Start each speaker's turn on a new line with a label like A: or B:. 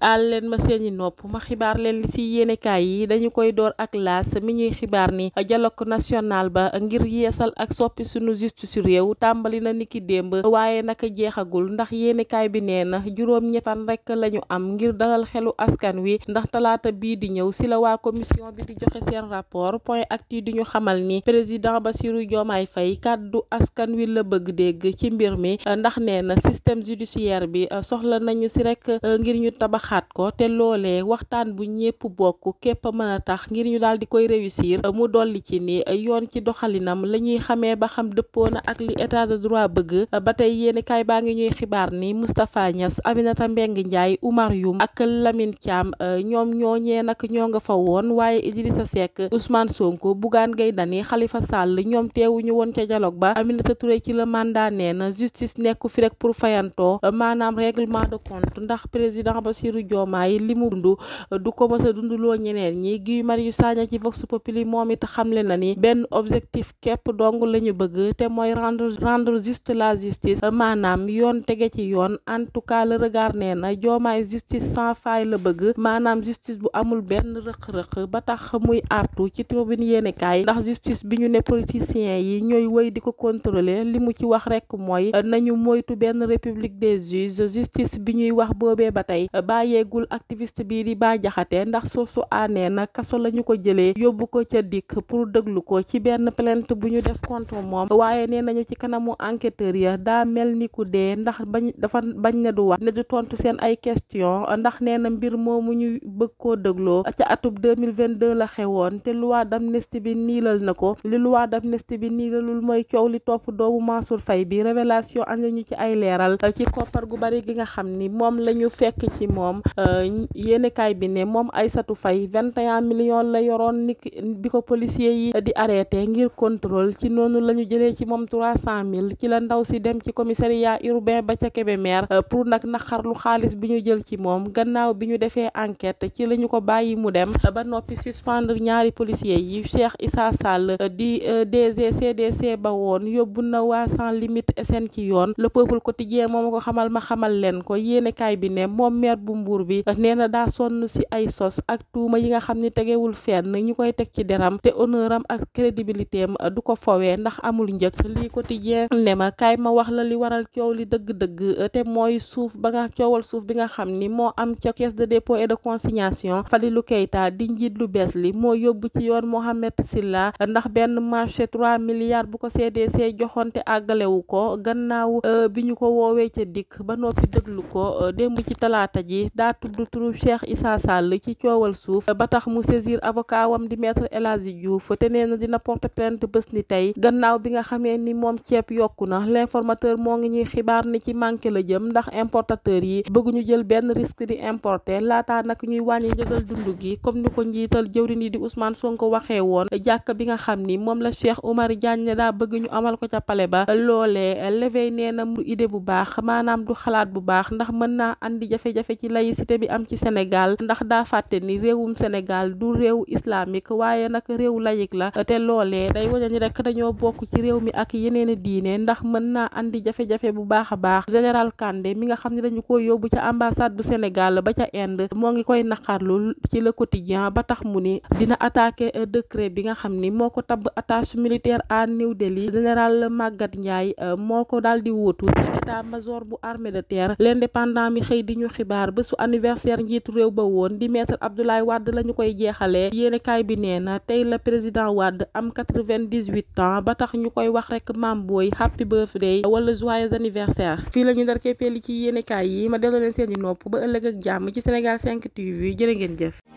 A: al ma seen seeni nopp ma xibaar leen li ci yéenekaay yi dañu koy door ak laas mi ñuy xibaar ni dialogue national ba ngir yeesal ak soppi sunu justice réew tàmbali na niki démb waaye naka jeexagul ndax yéenekaay bi nee na juróom ñettan rekk lañu am ngir dalal xelu askan wi ndax talaata bii di ñëw ci la waa commission bi di joxe seen rapport point actu di ñu xamal ni président Bassirou Diomaye Faye kàddu askan wi la bëgg dégg ci mbir mi ndax nee na système judiciaire bi soxla tabax waxaat ko te loolee waxtaan bu ñépp bokk képp mën a tax ngir ñu daal di koy réussir mu dolli ci ni yoon ci doxalinam la ñuy xamee ba xam dëppoona ak li état de droit bëgg ba tey yéeni kaay baa ngi ñuy xibaar ni Moustapha Niass Aminata Mbengue Ndiaye Oumar Youm ak Lamine Thiam euh, ñoom ñooñee nag ñoo nga fa woon waaye Idrissa Seck Ousmane Sonko Bougane Gueye ni xalifa Sall ñoom teewuñu woon ca dialogue ba Aminata Touré ci la mandat nee na justice nekku fi rek pour fayantoo euh, maanaam règlement Bassirou Diomaye li mu dund uh, du ko mës a loo ñeneen ñi Guy Marius Sagna ci Vox popule moom it xamle na ni benn objectif képp dong la ñu bëgg te mooy rendre rendre juste la justice uh, maanaam yoon tege ci yoon en tout cas regard nee na Diomaye justice sans faille la bëgg maanaam justice bu amul benn rëq-rëq ba tax muy artu ci tribune yéenekaay ndax justice bi ñu ne politiciens yi ñooy woy di ko contrôler li mu ci wax rek mooy uh, nañu moytu benn république des juges justice bi ñuy wax bàyyeegul activiste bii di Bah Diakhaté ndax soo su nee na kaso la ñu ko jëlee yóbbu ko ca dikk pour déglu ko ci benn plainte bu ñu def contre moom waaye nee nañu ci kanamu enquêteur ya daa mel ni ku dee ndax bañ dafa bañ ne du wax ne du tontu seen ay question ndax nee na mbir moomu ñu bëgg koo dégloo ca atub deux la xewoon te loi d'amnistie bi niilal na ko li loi d'amnistie bi niilalul mooy coow li topp doomu Mansour Faye bi révélation ànd ñu ci ay leeral ci koppar gu bari moom euh, yéenekaay bi ne moom Aïssatou Faye vingt et un millions la yoroon ni bi ko policier yi di arrêté ngir contrôle ci noonu la ñu jëlee ci moom trois cent mille ci la ndaw si dem ci commissariat urbain ba ca Kébémer euh, pour nag naqarlu xaalis bi ñu jël ci moom gannaaw bi ñu defee enquête ci lañu ko bàyyi mu dem euh, ba noppi suspendre ñaari policier yi Cheikh Issa Sall di DG CDC ba woon yóbbu na waa sans limite seen ci yoon le peuple ko xamal moom maire bu buur bi nee na daa sonn si ay sos ak tuuma yi nga xam ni tegewul fenn ñu koy teg ci deram te honneur am ak crédibilité am du ko fowee ndax amul njëkk lii quotidien ne ma kaay ma wax la li waral coow li dëgg-dëgg te mooy suuf ba nga coowal suuf bi nga xam ni moo am ca caisse de dépôt et de consignation Fadilou Keita di njiit lu bees li moo yóbbu ci yoon Mohamed Silla ndax benn marché trois milliards bu ko CDC joxoon te àggalewu ko gannaaw euh, bi ñu ko woowee ca dikk ba noppi déglu euh, ci talaata ji daa tudd turu Cheikh Issa Sall ci coowal suuf ba tax mu saisir avocat wam di maître El Hadji Diouf te nee na dina porter plainte bës ni tey gannaaw bi nga xamee ni moom ceeb yokku na l'informateur moo ngi ñuy xibaar ni ci manqué la jëm ndax importateur yi bëgguñu jël benn risque di importer laataa nag ñuy wàññi njëgal dund gi comme ni ko njiital jëwrin yi di Ousmane Sonko waxee woon jàkk bi nga xam ni moom la Cheikh Oumar Diagne ne daa bëgg ñu amal ko ca pale ba loolee l'éveil nee na du idée bu baax maanaam du xalaat bu baax ndax mën naa andi ci laïcité bi am ci Sénégal ndax daa fàtte ni réewum Sénégal du réew islamique waaye nag réew laïc la te loolee day wane ni rek dañoo bokk ci réew mi ak yeneen i diine ndax mën naa andi jafe-jafe bu baax a baax général kande mi nga xam ne dañu ko yóbbu ci ambassade bu Sénégal ba ca Inde moo ngi koy naqarlu ci le quotidien ba tax mu ni dina attaqué décret bi nga xam ni moo ko tabb attaché militaire à New Delhi général Magatte Ndiaye euh, moo ko daal di wuutu ci anniversaire njiitu réew ba woon di maître Abdoulaye Wade la ñu koy jeexalee yéenekaay bi nee na tey la président wadd am quatre-vingt-dix-huit ans ba tax ñu koy wax rek maam booy happy birthday wala joyeux anniversaire fii la ñu ndar keppeli ci yéenekaay yi ma delloo leen seen nopp ba ëllëg ak jàmm ci Sénégal 5 TV jërë ngeen jëf